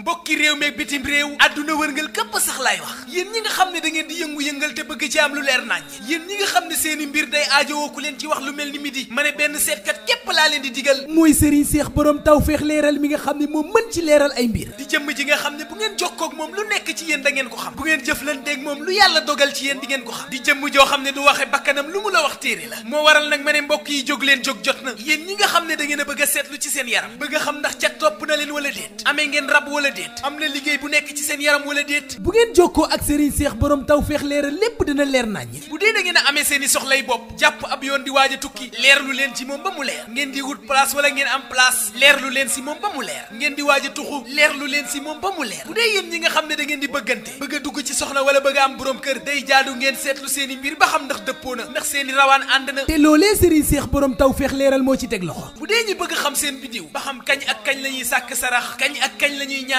mbokki réew meeg bitim réew àdduna wërngal képp sax laay wax yéen ñi nga xam ne da ngeen di yëngu-yëngal te bëgg ci am lu leer nañ yéen ñi nga xam ne seeni mbir day aajowoo ku leen ci wax lu mel ni midi ma ne benn seetkat képp laa leen di digal mooy sëriñ seex borom tawfeex leeral mi nga xam ne moom mën ci leeral ay mbir di jëmm ji nga xam ne bu ngeen jokkoo ak moom lu nekk ci yéen da ngeen ko xam bu ngeen jëflanteeg moom lu yàlla dogal ci yéen di ngeen ko xam di jëmm joo xam ne du waxe bakkanam lu mu la wax téere la moo waral nag ma ne mbokk leen jóg jot na yéen ñi nga xam ne da ngeen a bëgg ci seen yaram bëgg xam ndax ca topp na leen wala déet amee wala déet am na liggéey bu nekk ci seen yaram wala déet bu ngeen jokkoo ak Serigne Seex borom taw feex leeral lépp dina leer naññ bu dee da ngeen amee seen i soxlay bopp jàpp ab yoon di waaj a tukki leerlu leen ci moom ba mu leer ngeen di wut place wala ngeen am place leerlu leen si moom ba mu leer ngeen di waaj a tuxu leerlu leen si moom ba mu leer bu dee yéen ñi nga xam ne da di bëggante bëgg dugg ci soxna wala bëgg am borom kër day jaadu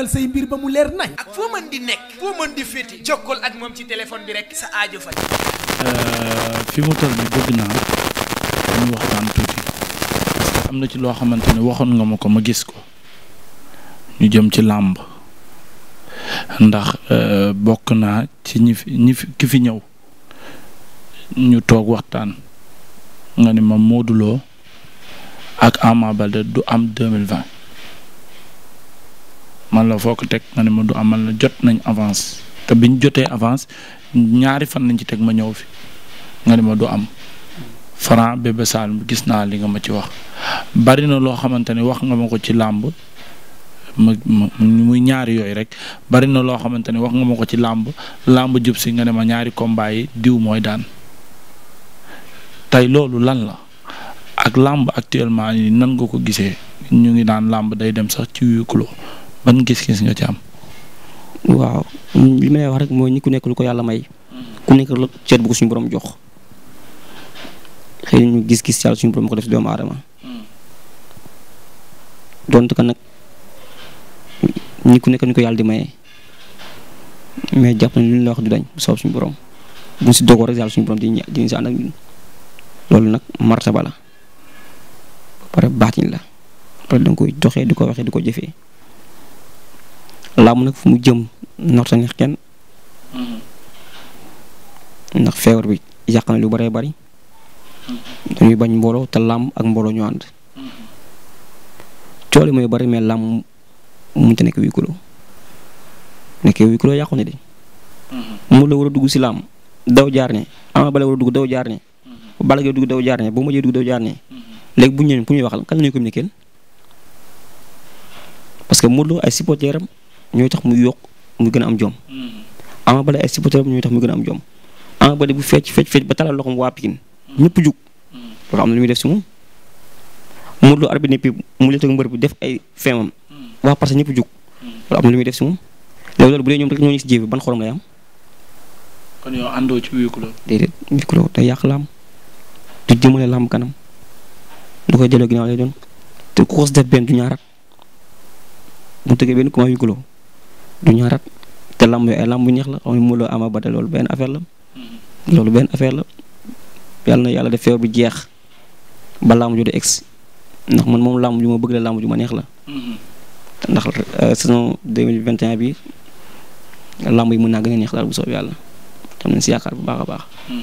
leeral say mbir ba mu leer nañ. ak foo nekk. foo mën ak moom ci téléphone bi rek. sa aajo euh, mu toll nii bëgg naa ñu waxtaan tuuti parce am na ci loo xamante ne waxoon nga ma ko ma gis ko ñu jëm ci làmb ndax euh, bokk naa ci ñi fi ñi fi ki fi ñëw ñu toog waxtaan nga ni ma Modou ak Ama du am deux mille man la foo ko teg nga ne ma du am man la jot nañ avance te biñ jotee avance ñaari fan lañ ci teg ma ñëw fi nga ne ma du am Franc Bébé Saloum gis naa li nga ma ci wax bari na loo xamante ne wax nga ma ko ci làmb ma muy ñaari yooyu rek bari na loo xamante ne wax nga ma ko ci làmb làmb jub si nga ne ma ñaari combat yi diw mooy daan tey loolu lan la ak làmb actuellement nan nga ko gisee ñu ngi daan làmb day dem sax ci huis ban gis-gis nga ci am. waaw li may wax rek mooy ñi ku nekk lu ko yàlla may. ku nekk lu cër bu ko gis-gis yàlla suñu borom ko def si doomu aadama. donte ka nag ñi ku nekk ñu ko yàlla di maye. mais jàpp nañ lu ñu la wax du dañ soob suñu borom buñ si dogoo rek yàlla suñu borom di ñu di ñu si loolu nag martaba la ba pare baatin la ba pare da nga koy doxee di ko waxee di ko jëfee. làmb nag fu mu jëm norta neex kenn mm-hmm. ndax feebar bi yàq na lu bëree bëri mm-hmm. dañuy bañ mbooloo te làmb ak mbooloo ñu ànd mm-hmm. coole mooy bari mais làmb muñ te nekk huis mu la war a dugg si làmb daw jaar ne ama bala war a dugg daw jaar ne bala dugg daw jaar ne bu ma jee dugg bu ñëwee ku ñuy waxal kan la ñuy communiquer parce que Modou Lo ay supporteram ñooy tax mu yokk mu gën a am jom. Mm. Ama Baldé ay supporteram ñooy tax mu gën a am jom. Ama bu fecc fecc fecc ba talal loxoom waa Pikine mm. ñëpp jug. Mm. loolu am na lu muy def si moom. Modou Lo arbitre bi mu létt ak mbër bi def ay feemam. waa parce que ñëpp jug. loolu am na lu muy def si moom. léegi loolu bu ñoom rek ñoo ñu si jéem ban xorom lay am. kon yow ci wii kulóor. yàq làmb du jëmale làmb kanam du koy delloo ginnaaw lay doon te ku ko def benn du ñaar ak bu benn comment wii kulóor du ñaaraat te lamb yooyu ay lamb ñeex la xam ne Modou Lô Ama Baldé loolu benn affaire la mm-hmm. loolu benn affaire la yàlla na yàlla def feew bi jeex ba lamb ju de egsi ndax man moom lamb ju ma bëgg la lamb ju ma neex la mm-hmm. ndax euh, saison 2021 bi lamb yi mun naa gën a neex daal bu soob yàlla am nañ si yaakaar bu baax a baax mm-hmm.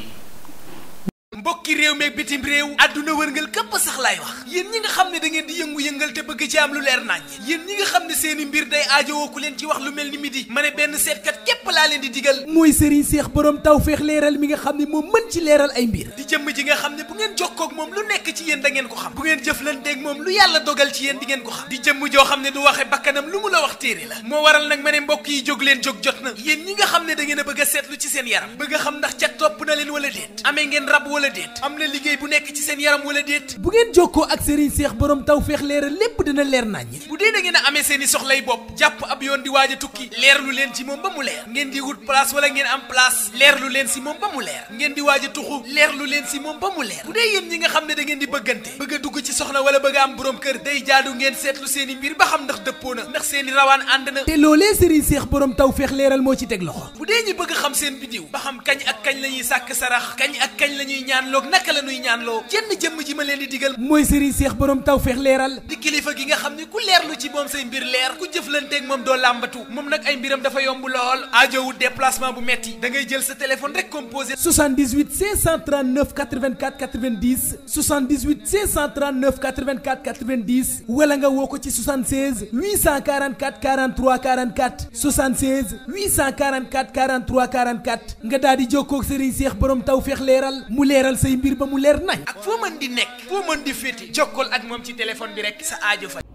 mbokki réew meeg bitim réew adduna wërngal képp sax lay wax yéen ñi nga xam ne dangeen di yëngu-yëngal te bëgg ci am lu leer nañ yéen ñi nga xam ne seeni mbir day aajowoo ku leen ci wax lu mel ni midi ma ne benn seetkat laa leen di digal mooy sëriñ seex borom tawfeex leeral mi nga xam ne moom mën ci leeral ay mbir di jëmm ji nga xam ne bu ngeen jokkoo ak moom lu nekk ci yéen da xam bu ngeen jëflanteeg moom lu yàlla dogal ci yéen di ngeen ko xam di jëmm joo xam ne du waxe bakkanam lu mu la wax téere la moo waral nag ma ne mbokk yi jóg leen jóg jot na yéen ñi nga xam ne da ngeen a bëgg a seetlu ci seen yaram bëgg a xam ndax ca topp na leen wala déet ame ngeen rab wala déet am na liggéey bu nekk ci seen yaram wala déet bu ngeen jokkoo ak sëriñ seex borom tawfeex leeral lépp dina leer nañ bu dee da ngeen a seen i soxlay bopp jàpp ab yoon di a tukki leer lu leen ci moom ba mu ngeen di wut place wala ngeen am place leen si moom ba mu leer ngeen di waaj a tuxu leerlu leen si moom ba mu leer bu dee yéen ñi nga xam ne da ngeen di bëggante bëgg a dugg ci soxna wala bëgg a am borom kër day jaadu ngeen seetlu seen i mbir ba i rawaan ànd na te loolee sëriñ seex borom taw feex leeral moo ci teg loxo bu dee ñi bëgg xam seen bidiw ba xam kañ ak kañ la ñuy sàkk sarax kañ ak kañ la ñuy ñaanloog naka la ñuy ñaanloo jenn jëmm ji ma leen di digal mooy sëriñ seex borom taw feex leeral di kilifa gi nga xam ne ku leerlu ci moom say mbir leer ku jëflanteeg moom doo làmbatu moom nag ay mbiram dafa yomb lool aajo soxlawutee wut déplacement bu metti da ngay jël sa téléphone rek composé. 78 539 84 90 78 539 84 90 wala nga woo ko ci 76 844 43 44 76 844 43 44 nga daal di jokkoo ak Serigne Cheikh borom taw feex leeral mu leeral say mbir ba mu leer nañ. ak foo mën di nekk foo mën di féete jokkool ak moom ci téléphone bi rek sa aajo